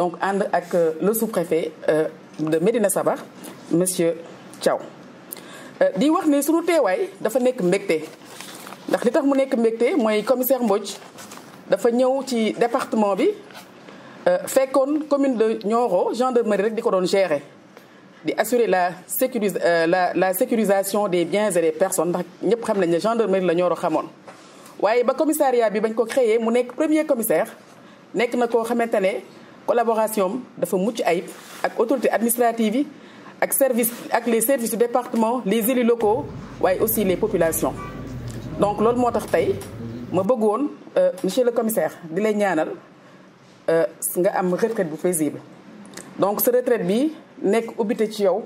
donc and ak euh, le sous-préfet euh, de Medina Sabakh monsieur Thiaw euh, di wax ni sunu teewaay dafa nek mbégte ndax li tax mu nek mbégte moy commissaire Mbodj dafa ñëw ci département bi fekkoon commune de Nioro gendarmerie rek diko ko gérer di assurer la sécuris la la sécurisation des biens et des personnes ndax ñëpp xam nañ ne gendarmerie la Nioro xamoon waaye ba commissariat bi bañ ko créer mu nekk premier commissaire nekk na koo xamante collaboration dafa mucc ayib ak autorité administrative yi ak service ak les services du département les élus locaux waaye aussi les populations donc loolu moo tax tey ma bëggoon euh, monsieur le commissaire di lay ñaanal euh, nga am retraite bu paisible donc sa retraite bi nekk ubbite ci yow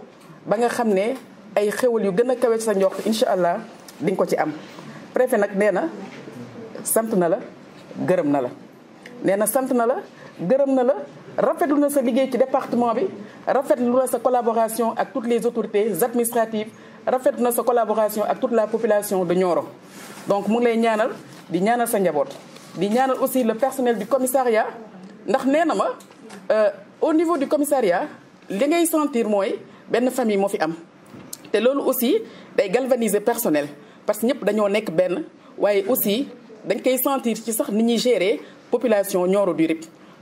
ba nga xam ne ay xéwal yu gën a kawe sa njort incha allah di ko ci am préfet nag nee na sant na la gërëm na la nee na sant na la gërëm na la rafetlu na sa liggéey ci département bi rafetlu na sa collaboration ak toutes les autorités administratives rafetlu na sa collaboration avec toute la population de Nioro donc mu ngi lay ñaanal di ñaanal sa njaboot di ñaanal aussi le personnel du commissariat ndax nee na euh, au niveau du commissariat li ngay sentir mooy benn famille moo fi am te loolu aussi day galvaniser personnel parce que ñëpp dañoo nekk benn waaye aussi dañ koy sentir ci sax ni ñuy gérer population ñoro du Rip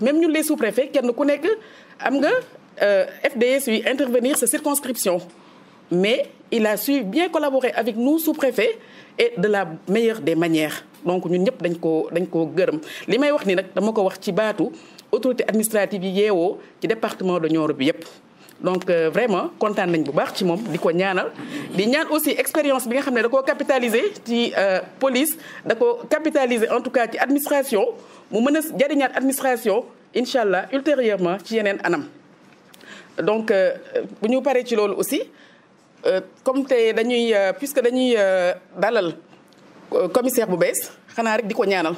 même les sous-préfets qui ku nekk am nga euh, FDS intervenir intervenir sa circonscription mais il a su bien collaborer avec nous sous-préfets et de la meilleure des manières donc ñun ñëpp dañ ko dañ ko gërëm li may wax ni nag dama ko wax ci autorité administrative yi yeewoo département de Nioro bi donc euh, vraiment kontaan nañ bu baax ci mom diko ñaanal di ñaan aussi expérience bi nga xam da ko capitaliser ci euh, police da ko capitaliser en tout cas ci administration mu mën a administration inshallah ultérieurement ci yenen anam donc euh, bu ñu paré ci loolu aussi comme tey dañuy puisque dañuy dalal commissaire bu bes xana rek diko ñaanal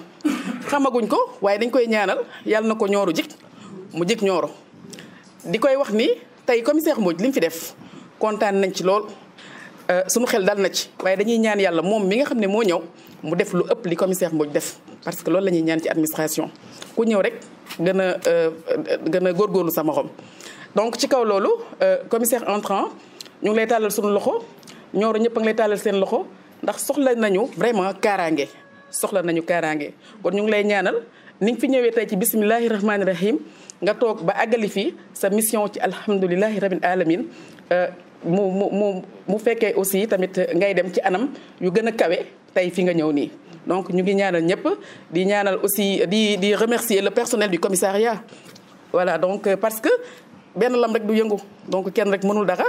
xamaguñ ko waye dañ koy ñaanal yàlla nako ko jik mu jik ñoro di wax ni tey commissaire Mbodj li mu fi def kontaan nañ ci lool euh, sunu xel dal na ci waaye dañuy ñaan yàlla moom mi nga xam ne moo ñëw mu def lu ëpp li commissaire Mbodj def parce que loolu la ñuy ñaan ci administration ku ñëw rek gën a euh, gën a góorgóorlu sa morom donc ci kaw loolu euh, commissaire entrant ñu ngi lay tàllal suñu loxo ñooro ñëpp a ngi lay tàllal seen loxo ndax soxla nañu vraiment kaaraange soxla nañu kaaraange kon ñu ngi lay ñaanal niñ fi ñëwé tay ci bisimilahi rahmaani rahim nga tok ba agali fi sa mission ci alhamdulilahi rabil alamin euh mu mu mu fekkee aussi tamit ngay dem ci anam yu gëna kawé tay fi nga ñëw ni donc ñu ngi ñaanal ñëpp di ñaanal aussi di di remercier le personnel du commissariat voilà donc parce que ben lam rek du yëngu donc kenn rek mënul dara